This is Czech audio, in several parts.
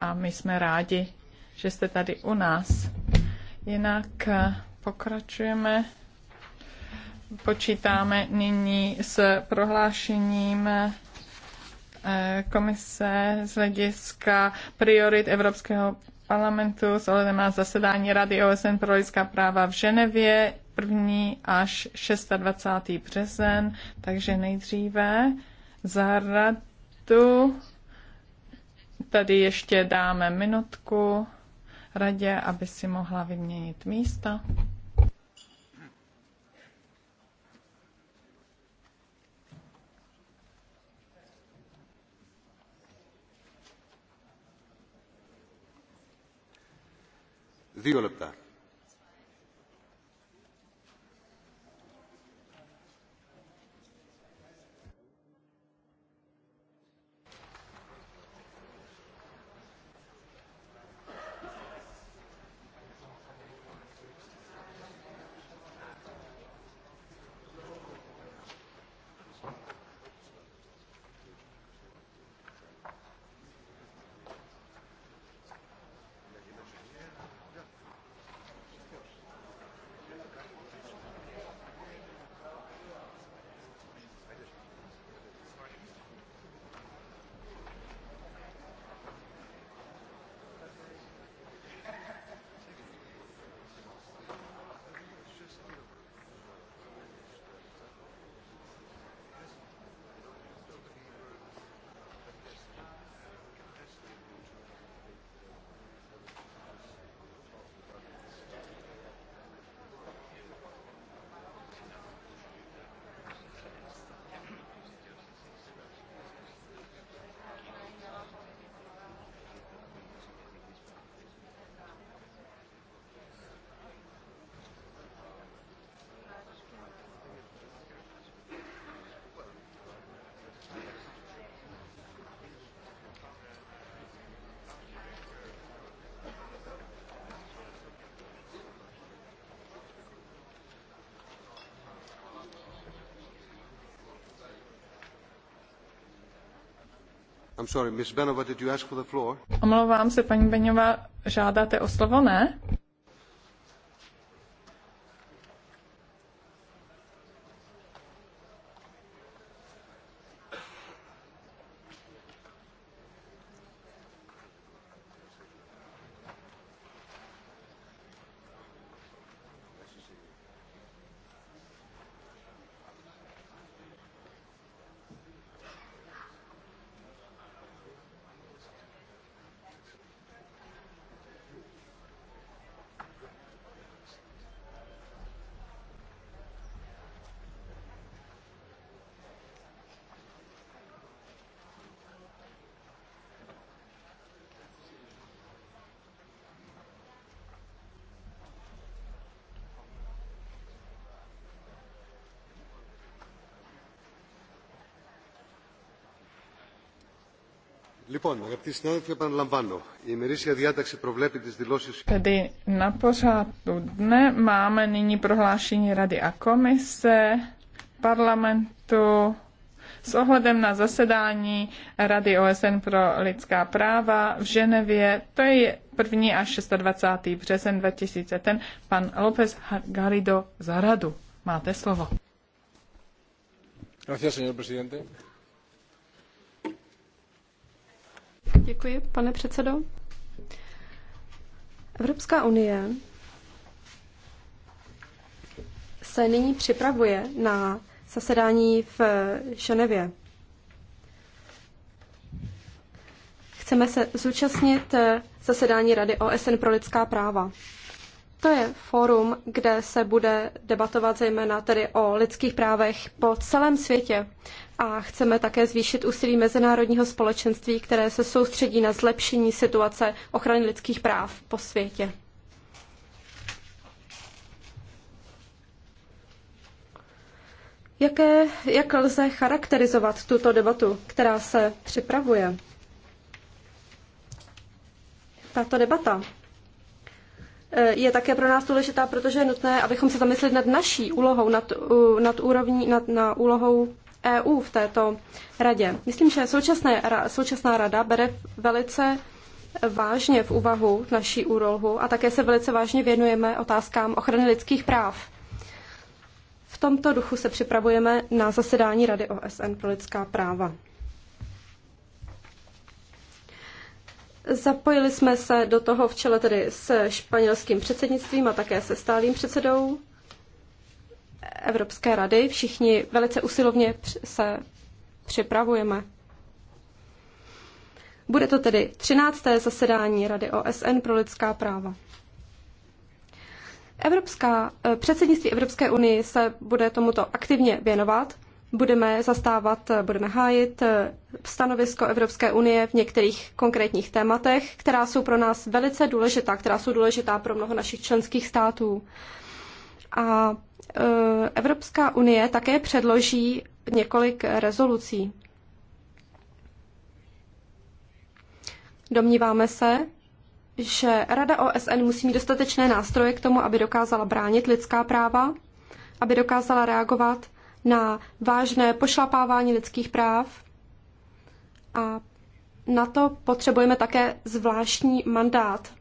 a my jsme rádi, že jste tady u nás. Jinak eh, pokračujeme. Počítáme nyní s prohlášením eh, komise z hlediska priorit Evropského parlamentu s ohledem na zasedání Rady OSN pro lidská práva v Ženevě 1. až 26. březen, takže nejdříve za radu Tady ještě dáme minutku radě, aby si mohla vyměnit místa. Δύο λεπτά. Sorry, Omlouvám se, paní Beňová, žádáte o slovo, ne? Tedy na pořadu dne máme nyní prohlášení Rady a komise parlamentu s ohledem na zasedání Rady OSN pro lidská práva v Ženevě. To je 1. až 26. březen 2000. Ten pan López Garrido za radu. Máte slovo. Gracias, señor presidente. Děkuji, pane předsedo. Evropská unie se nyní připravuje na zasedání v Ženevě. Chceme se zúčastnit zasedání Rady OSN pro lidská práva. To je fórum, kde se bude debatovat zejména tedy o lidských právech po celém světě. A chceme také zvýšit úsilí mezinárodního společenství, které se soustředí na zlepšení situace ochrany lidských práv po světě. Jaké, jak lze charakterizovat tuto debatu, která se připravuje? Tato debata Eh, je také pro nás důležitá, protože je nutné, abychom se zamysleli nad naší úlohou, nad, nad úrovní, nad, na úlohou EU v této radě. Myslím, že současné, současná rada bere velice vážně v úvahu naší úlohu a také se velice vážně věnujeme otázkám ochrany lidských práv. V tomto duchu se připravujeme na zasedání Rady OSN pro lidská práva. Zapojili jsme se do toho v čele tedy s španělským předsednictvím a také se stálým předsedou Evropské rady. Všichni velice usilovně se připravujeme. Bude to tedy 13. zasedání Rady OSN pro lidská práva. Evropská, eh, předsednictví Evropské unie se bude tomuto aktivně věnovat budeme zastávat, budeme hájit stanovisko Evropské unie v některých konkrétních tématech, která jsou pro nás velice důležitá, která jsou důležitá pro mnoho našich členských států. A e, Evropská unie také předloží několik rezolucí. Domníváme se, že Rada OSN musí mít dostatečné nástroje k tomu, aby dokázala bránit lidská práva, aby dokázala reagovat na vážné pošlapávání lidských práv a na to potřebujeme také zvláštní mandát,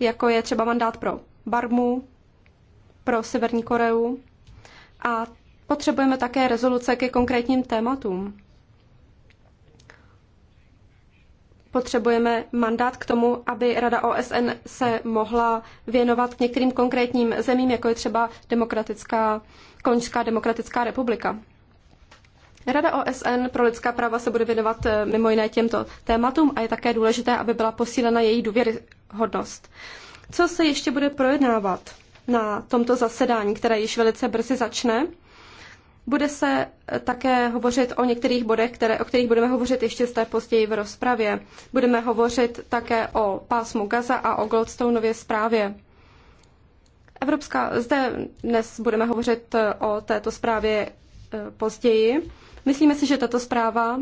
jako je třeba mandát pro Barmu, pro Severní Koreu a potřebujeme také rezoluce ke konkrétním tématům. Potřebujeme mandát k tomu, aby Rada OSN se mohla věnovat k některým konkrétním zemím, jako je třeba demokratická Konžská demokratická republika. Rada OSN pro lidská práva se bude věnovat eh, mimo jiné těmto tématům a je také důležité, aby byla posílena její důvěryhodnost. Co se ještě bude projednávat na tomto zasedání, které již velice brzy začne? Bude se eh, také hovořit o některých bodech, které, o kterých budeme hovořit ještě té později v rozpravě. Budeme hovořit také o pásmu Gaza a o Goldstoneově zprávě. Evropská, zde dnes budeme hovořit eh, o této zprávě eh, později. Myslíme si, že tato zpráva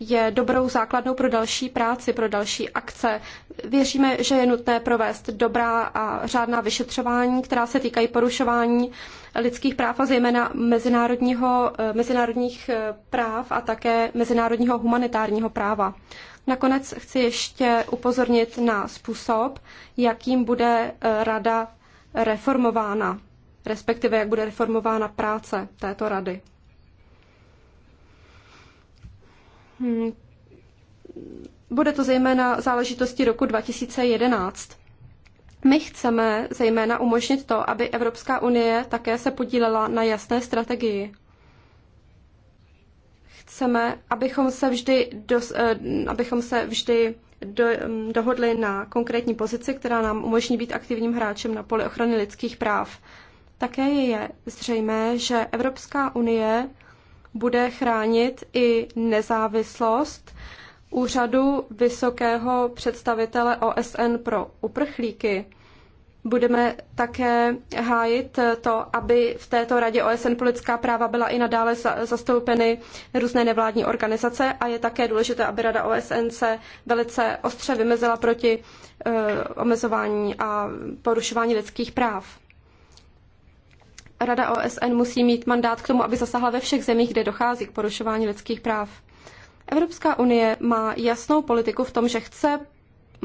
je dobrou základnou pro další práci, pro další akce. Věříme, že je nutné provést dobrá a řádná vyšetřování, která se týkají porušování lidských práv a zejména mezinárodního, eh, mezinárodních práv a také mezinárodního humanitárního práva. Nakonec chci ještě upozornit na způsob, jakým bude Rada reformována, respektive jak bude reformována práce této rady. Hmm. Bude to zejména záležitosti roku 2011. My chceme zejména umožnit to, aby Evropská unie také se podílela na jasné strategii. Chceme, abychom se vždy, dos, eh, abychom se vždy do, mm, dohodli na konkrétní pozici, která nám umožní být aktivním hráčem na poli ochrany lidských práv. Také je zřejmé, že Evropská unie bude chránit i nezávislost úřadu vysokého představitele OSN pro uprchlíky. Budeme také hájit to, aby v této Radě OSN pro lidská práva byla i nadále zastoupeny různé nevládní organizace a je také důležité, aby Rada OSN se velice ostře vymezila proti eh, omezování a porušování lidských práv. Rada OSN musí mít mandát k tomu, aby zasáhla ve všech zemích, kde dochází k porušování lidských práv. Evropská unie má jasnou politiku v tom, že chce,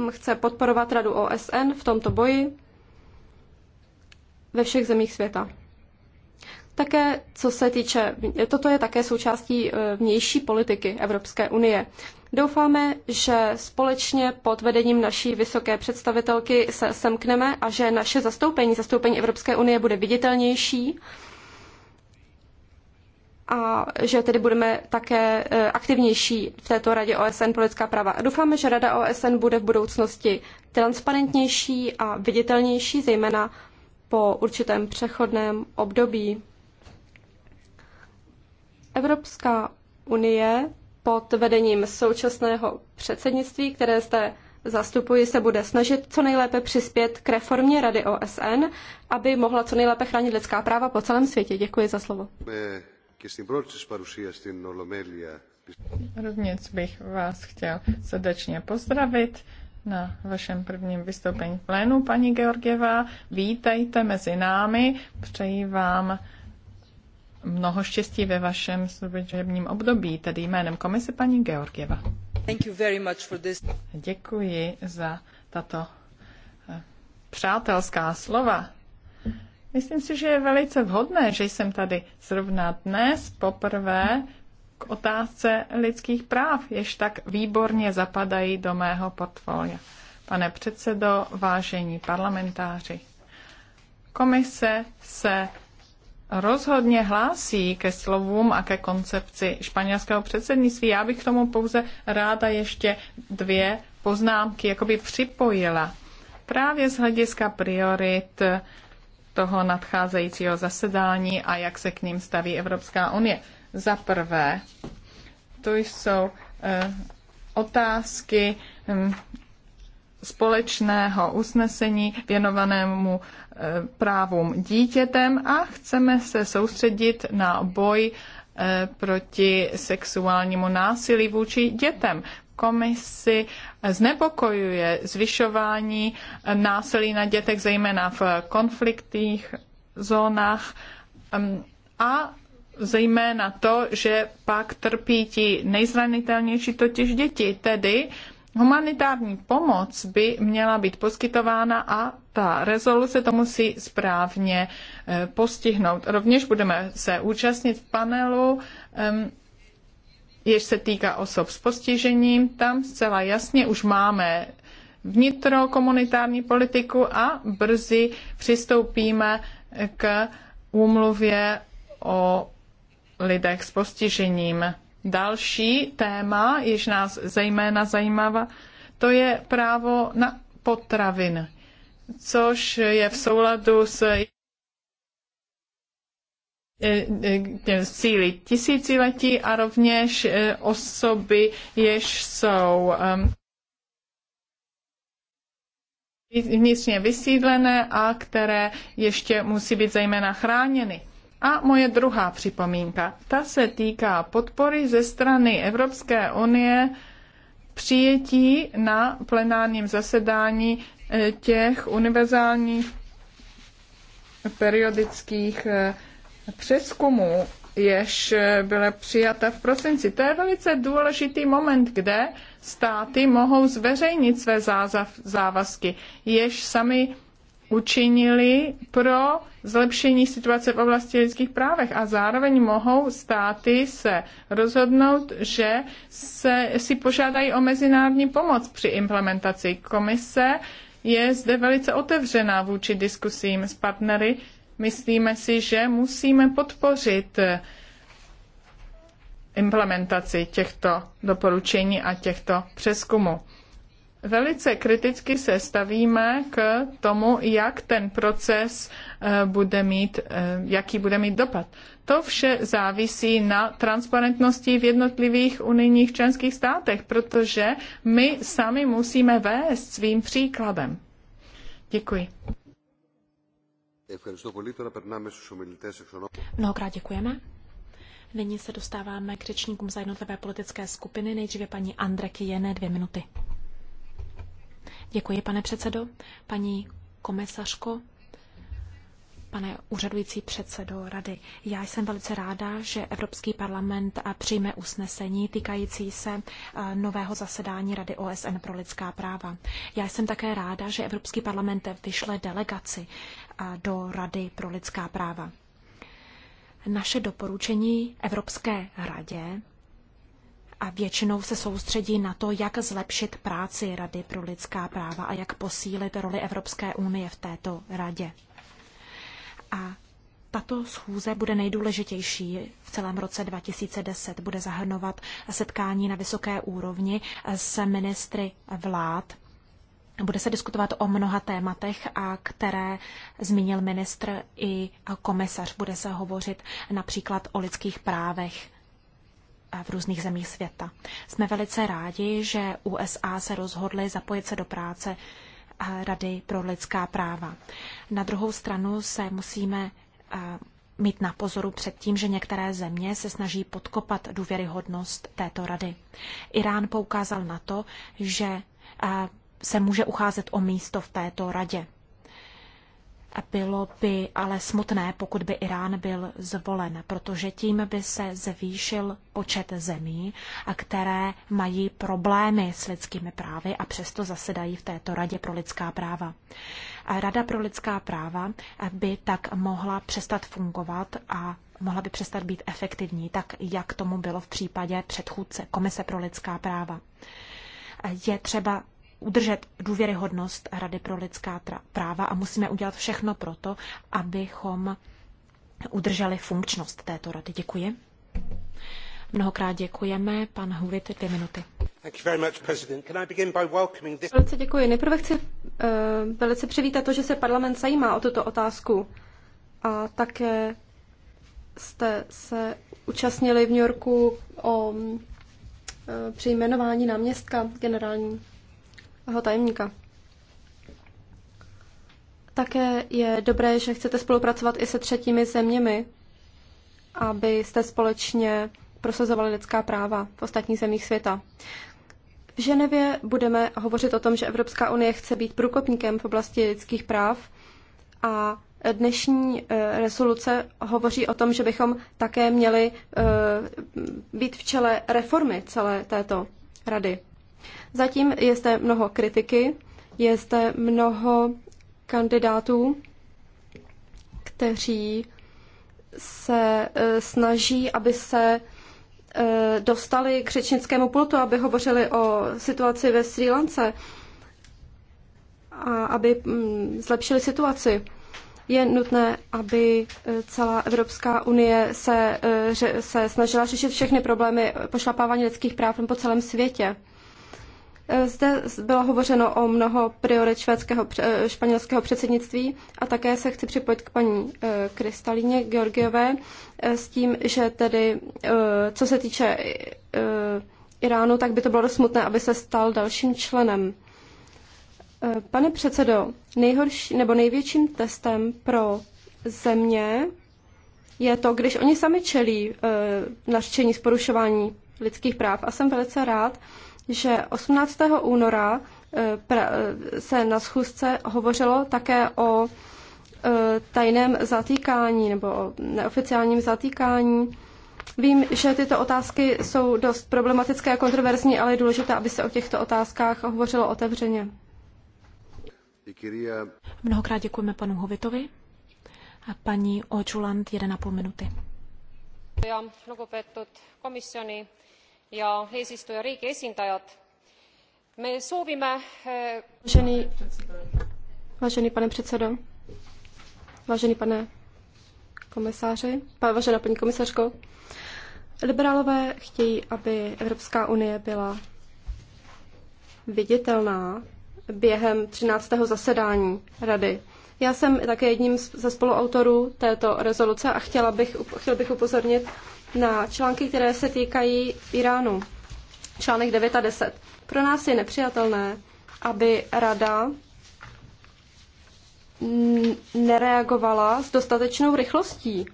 chce podporovat Radu OSN v tomto boji ve všech zemích světa. Také, co se týče, toto je také součástí e, vnější politiky Evropské unie. Doufáme, že společně pod vedením naší vysoké představitelky se semkneme a že naše zastoupení, zastoupení Evropské unie bude viditelnější a že tedy budeme také e, aktivnější v této Radě OSN pro lidská práva. A doufáme, že Rada OSN bude v budoucnosti transparentnější a viditelnější, zejména po určitém přechodném období. Evropská unie pod vedením současného předsednictví, které zde zastupuji, se bude snažit co nejlépe přispět k reformě Rady OSN, aby mohla co nejlépe chránit lidská práva po celém světě. Děkuji za slovo. Rovněž bych vás chtěl srdečně pozdravit na vašem prvním vystoupení v plénu, paní Georgieva. Vítejte mezi námi. Přeji vám mnoho štěstí ve vašem služebním období, tedy jménem komise paní Georgieva. Thank you very much for this. Děkuji za tato eh, přátelská slova. Myslím si, že je velice vhodné, že jsem tady zrovna dnes poprvé k otázce lidských práv, jež tak výborně zapadají do mého portfolia. Pane předsedo, vážení parlamentáři, komise se rozhodně hlásí ke slovům a ke koncepci španělského předsednictví. Já bych k tomu pouze ráda ještě dvě poznámky jakoby připojila. Právě z hlediska priorit toho nadcházejícího zasedání a jak se k ním staví Evropská unie. Za prvé, to jsou eh, otázky hm, společného usnesení věnovanému eh, právům dítětem a chceme se soustředit na boj eh, proti sexuálnímu násilí vůči dětem. Komisi znepokojuje zvyšování násilí na dětech, zejména v konfliktních zónách hm, a zejména to, že pak trpí ti nejzranitelnější, totiž děti. Tedy humanitární pomoc by měla být poskytována a ta rezoluce to musí správně eh, postihnout. Rovněž budeme se účastnit v panelu ehm, jež se týká osob s postižením, tam zcela jasně už máme vnitrokomunitární politiku a brzy přistoupíme k úmluvě o lidech s postižením. Další téma, již nás zejména zajímá, to je právo na potravin, což je v souladu s eh, eh, eh, cíly tisíciletí a rovněž osoby, jež jsou ehm, vnitřně vysídlené a které ještě musí být zejména chráněny. A moje druhá připomínka, ta se týká podpory ze strany Evropské unie přijetí na plenárním zasedání eh, těch univerzálních periodických eh, přeskumů, jež eh, byla přijata v prosinci. To je velice důležitý moment, kde státy mohou zveřejnit své závazky, jež sami učinili pro zlepšení situace v oblasti lidských právech a zároveň mohou státy se rozhodnout, že se, si požádají o mezinárodní pomoc při implementaci. Komise je zde velice otevřená vůči diskusím s partnery. Myslíme si, že musíme podpořit implementaci těchto doporučení a těchto přeskumů. Velice kriticky se stavíme k tomu, jak ten proces eh, bude mít, eh, jaký bude mít dopad. To vše závisí na transparentnosti v jednotlivých unijních členských státech, protože my sami musíme vést svým příkladem. Děkuji. Mnohokrát děkujeme. Nyní se dostáváme k řečníkům za jednotlivé politické skupiny. Nejdříve paní Andreky Jene, dvě minuty. Děkuji, pane předsedo. Paní komisařko, pane úřadující předsedo rady. Já jsem velice ráda, že Evropský parlament přijme usnesení týkající se nového zasedání Rady OSN pro lidská práva. Já jsem také ráda, že Evropský parlament vyšle delegaci do Rady pro lidská práva. Naše doporučení Evropské radě a většinou se soustředí na to, jak zlepšit práci Rady pro lidská práva a jak posílit roli Evropské unie v této radě. A tato schůze bude nejdůležitější v celém roce 2010. Bude zahrnovat setkání na vysoké úrovni s ministry vlád. Bude se diskutovat o mnoha tématech, a které zmínil ministr i komisař. Bude se hovořit například o lidských právech v různých zemích světa. Jsme velice rádi, že USA se rozhodly zapojit se do práce eh, Rady pro lidská práva. Na druhou stranu se musíme eh, mít na pozoru před tím, že některé země se snaží podkopat důvěryhodnost této rady. Irán poukázal na to, že eh, se může ucházet o místo v této radě. Bylo by ale smutné, pokud by Irán byl zvolen, protože tím by se zvýšil počet zemí, které mají problémy s lidskými právy a přesto zasedají v této Radě pro lidská práva. A Rada pro lidská práva by tak mohla přestat fungovat a mohla by přestat být efektivní, tak jak tomu bylo v případě předchůdce Komise pro lidská práva. Je třeba udržet důvěryhodnost Rady pro lidská práva a musíme udělat všechno proto, abychom udrželi funkčnost této rady. Děkuji. Mnohokrát děkujeme. Pan Hurit, dvě minuty. Velice děkuji. Nejprve chci uh, velice přivítat to, že se parlament zajímá o tuto otázku. A také jste se účastnili v New Yorku o uh, eh, přejmenování náměstka generální jeho tajemníka. Také je dobré, že chcete spolupracovat i se třetími zeměmi, abyste společně prosazovali lidská práva v ostatních zemích světa. V Ženevě budeme hovořit o tom, že Evropská unie chce být průkopníkem v oblasti lidských práv a dnešní eh, resoluce hovoří o tom, že bychom také měli eh, být v čele reformy celé této rady. Zatím je zde mnoho kritiky, je zde mnoho kandidátů, kteří se e, snaží, aby se e, dostali k řečnickému pultu, aby hovořili o situaci ve Sri Lance a aby mm, zlepšili situaci. Je nutné, aby e, celá Evropská unie se, se snažila řešit všechny problémy pošlapávání lidských práv po celém světě. Eh, zde bylo hovořeno o mnoho priorit švédského, eh, španělského předsednictví a také se chci připojit k paní eh, Kristalíně Georgiové s tím, že tedy, co se týče Iránu, tak by to bylo dost smutné, aby se stal dalším členem. Pane předsedo, nejhorší nebo největším testem pro země je to, když oni sami čelí nařčení z porušování lidských práv. A jsem velice rád, že 18. února eh, eh, se na schůzce hovořilo také o eh, tajném zatýkání nebo o neoficiálním zatýkání. Vím, že tyto otázky jsou dost problematické a kontroverzní, ale je důležité, aby se o těchto otázkách hovořilo otevřeně. Mnohokrát děkujeme panu Hovitovi a paní Očulant 1,5 minuty. Ja ja eesistujariigi esindajad me soovime eh, vážený, pane předsedo vážený pane komisáři vážená paní komisařko liberálové chtějí aby evropská unie byla viditelná během 13. zasedání rady. Já jsem také jedním ze spoluautorů této rezoluce a chtěla bych, chtěl bych upozornit na články, které se týkají Iránu. Článek 9 a 10. Pro nás je nepřijatelné, aby Rada nereagovala s dostatečnou rychlostí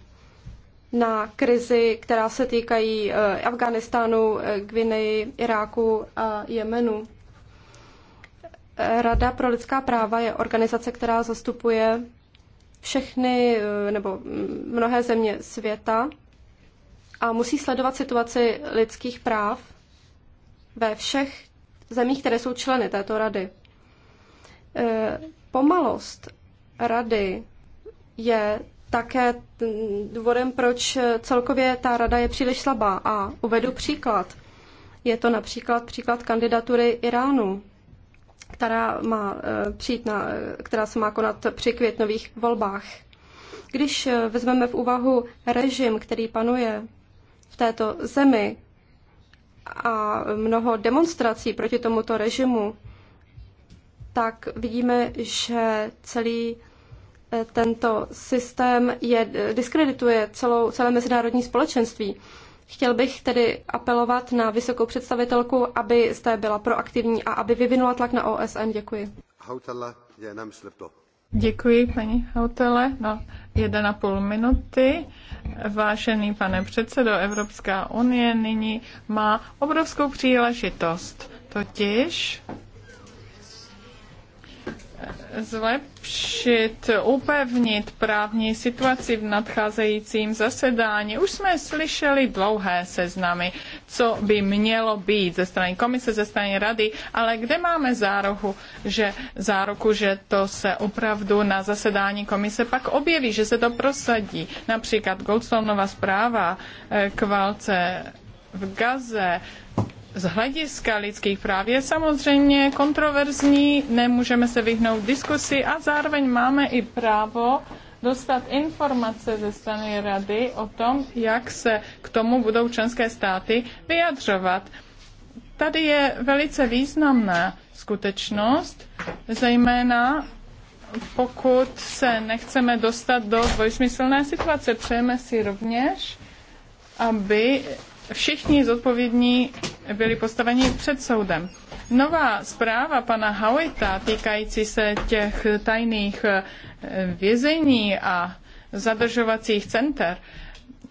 na krizi, která se týkají eh, Afganistánu, eh, Gvineji, Iráku a Jemenu. Rada pro lidská práva je organizace, která zastupuje všechny eh, nebo mm, mnohé země světa a musí sledovat situaci lidských práv ve všech zemích, které jsou členy této rady. E, pomalost rady je také důvodem, proč celkově ta rada je příliš slabá. A uvedu příklad. Je to například příklad kandidatury Iránu, která, má e, přijít na, která se má konat při květnových volbách. Když vezmeme v úvahu režim, který panuje v této zemi a mnoho demonstrací proti tomuto režimu, tak vidíme, že celý eh, tento systém je, eh, diskredituje celou, celé mezinárodní společenství. Chtěl bych tedy apelovat na vysokou představitelku, aby jste byla proaktivní a aby vyvinula tlak na OSN. Děkuji. Děkuji, paní Hautele. No, 1,5 minuty. Vážený pane předsedo, Evropská unie nyní má obrovskou příležitost, totiž zlepšit, upevnit právní situaci v nadcházejícím zasedání. Už jsme slyšeli dlouhé seznamy, co by mělo být ze strany komise, ze strany rady, ale kde máme zároku, že, zároku, že to se opravdu na zasedání komise pak objeví, že se to prosadí. Například Goldstoneova zpráva eh, k válce v Gaze, z hlediska lidských práv je samozřejmě kontroverzní, nemůžeme se vyhnout diskusi a zároveň máme i právo dostat informace ze strany rady o tom, jak se k tomu budou členské státy vyjadřovat. Tady je velice významná skutečnost, zejména pokud se nechceme dostat do dvojsmyslné situace. Přejeme si rovněž, aby všichni zodpovědní byli postaveni před soudem. Nová zpráva pana Howita týkající se těch tajných eh, vězení a zadržovacích center,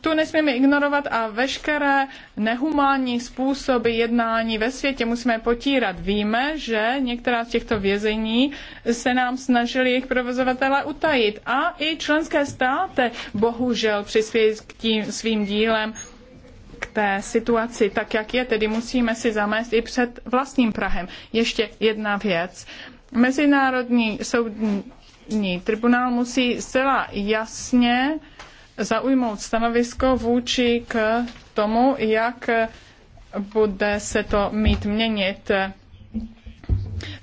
tu nesmíme ignorovat a veškeré nehumánní způsoby jednání ve světě musíme potírat. Víme, že některá z těchto vězení se nám snažili jejich provozovatele utajit a i členské státy bohužel přispějí k tím svým dílem té situaci tak, jak je, tedy musíme si zamést i před vlastním Prahem. Ještě jedna věc. Mezinárodní soudní tribunál musí zcela jasně zaujmout stanovisko vůči k tomu, jak bude se to mít měnit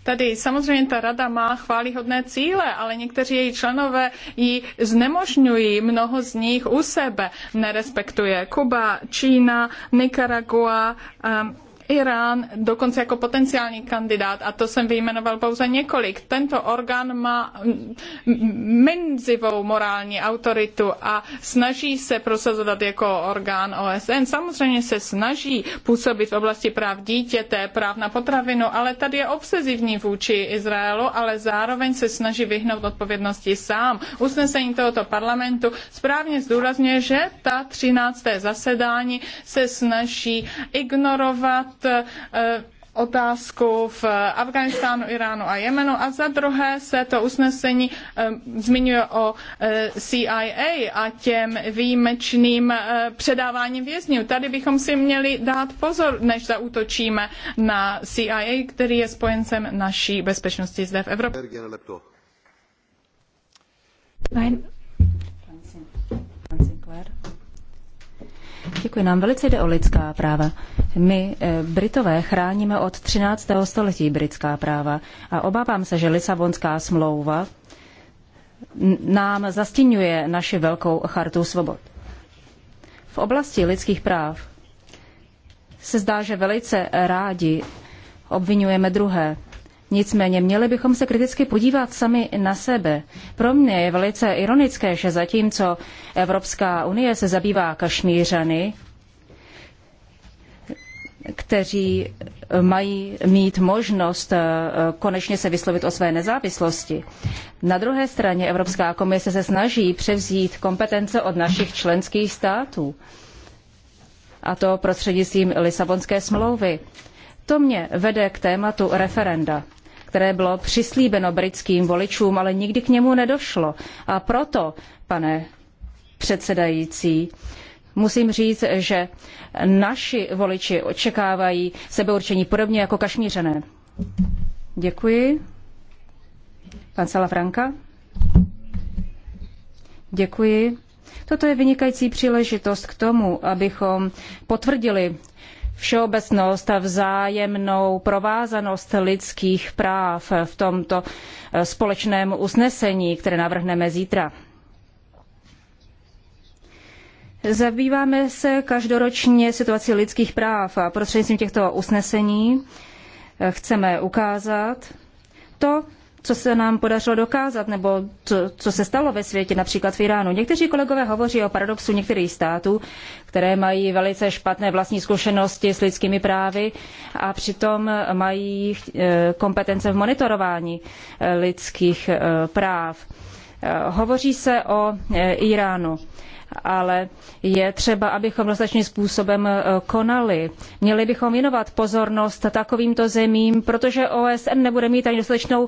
Tady samozřejmě ta rada má chválihodné cíle, ale někteří její členové ji znemožňují, mnoho z nich u sebe nerespektuje. Kuba, Čína, Nicaragua, um, Irán dokonce jako potenciální kandidát, a to jsem vyjmenoval pouze několik. Tento orgán má menzivou morální autoritu a snaží se prosazovat jako orgán OSN. Samozřejmě se snaží působit v oblasti práv dítěte, práv na potravinu, ale tady je obsezivní vůči Izraelu, ale zároveň se snaží vyhnout odpovědnosti sám. Usnesení tohoto parlamentu správně zdůrazňuje, že ta 13. zasedání se snaží ignorovat Eh, otázku v Afghánistánu, Iránu a Jemenu a za druhé se to usnesení eh, zmiňuje o eh, CIA a těm výjimečným předáváním vězňů. Tady bychom si měli dát pozor, než zaútočíme na CIA, který je spojencem naší bezpečnosti zde v Evropě. Nein. Děkuji nám. Velice jde o lidská práva. My, eh, Britové, chráníme od 13. století britská práva a obávám se, že Lisabonská smlouva nám zastínuje naši velkou chartu svobod. V oblasti lidských práv se zdá, že velice rádi obvinujeme druhé. Nicméně měli bychom se kriticky podívat sami na sebe. Pro mě je velice ironické, že zatímco Evropská unie se zabývá kašmířany, kteří mají mít možnost eh, konečně se vyslovit o své nezávislosti. Na druhé straně Evropská komise se snaží převzít kompetence od našich členských států, a to prostřednictvím Lisabonské smlouvy. To mě vede k tématu referenda které bylo přislíbeno britským voličům, ale nikdy k němu nedošlo. A proto, pane předsedající, musím říct, že naši voliči očekávají sebeurčení podobně jako kašmířané. Děkuji. Pan Salafranka. Děkuji. Toto je vynikající příležitost k tomu, abychom potvrdili všeobecnost a vzájemnou provázanost lidských práv v tomto eh, společném usnesení, které navrhneme zítra. Zabýváme se každoročně situací lidských práv a prostřednictvím těchto usnesení eh, chceme ukázat to, co se nám podařilo dokázat, nebo co, co se stalo ve světě, například v Iránu. Někteří kolegové hovoří o paradoxu některých států, které mají velice špatné vlastní zkušenosti s lidskými právy a přitom mají eh, kompetence v monitorování eh, lidských eh, práv. Hovoří se o Iránu ale je třeba, abychom dostatečným způsobem konali. Měli bychom věnovat pozornost takovýmto zemím, protože OSN nebude mít ani dostatečnou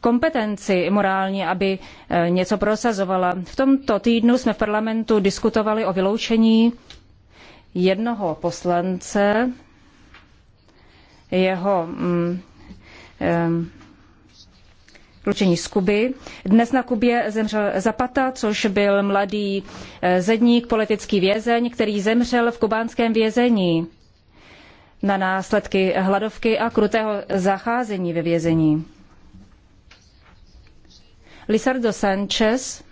kompetenci morální, aby eh, něco prosazovala. V tomto týdnu jsme v parlamentu diskutovali o vyloučení jednoho poslance, jeho mm, eh, vyloučení z Kuby. Dnes na Kubě zemřel Zapata, což byl mladý eh, zedník, politický vězeň, který zemřel v kubánském vězení na následky hladovky a krutého zacházení ve vězení. Lisardo Sanchez,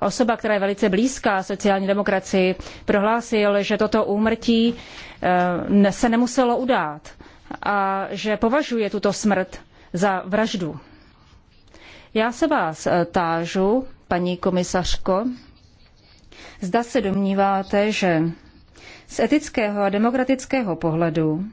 osoba, která je velice blízká sociální demokracii, prohlásil, že toto úmrtí eh, se nemuselo udát a že považuje tuto smrt za vraždu. Já se vás eh, tážu, paní komisařko, zda se domníváte, že z etického a demokratického pohledu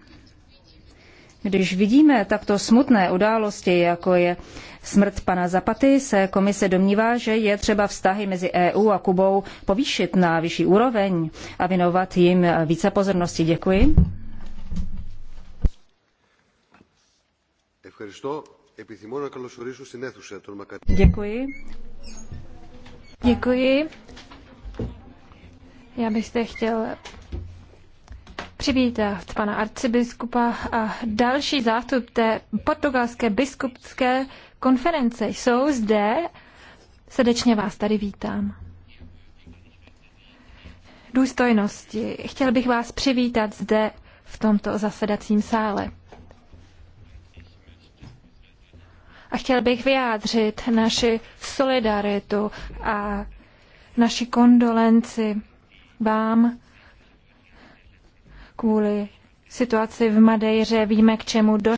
když vidíme takto smutné události, jako je smrt pana Zapaty, se komise domnívá, že je třeba vztahy mezi EU a Kubou povýšit na vyšší úroveň a věnovat jim více pozornosti. Děkuji. Děkuji. Děkuji. Já bych zde chtěl přivítat pana arcibiskupa a další té portugalské biskupské konference. Jsou zde, srdečně vás tady vítám. Důstojnosti. Chtěl bych vás přivítat zde v tomto zasedacím sále. A chtěl bych vyjádřit naši solidaritu a naši kondolenci vám, kvůli situaci v Madejře, víme, k čemu došlo.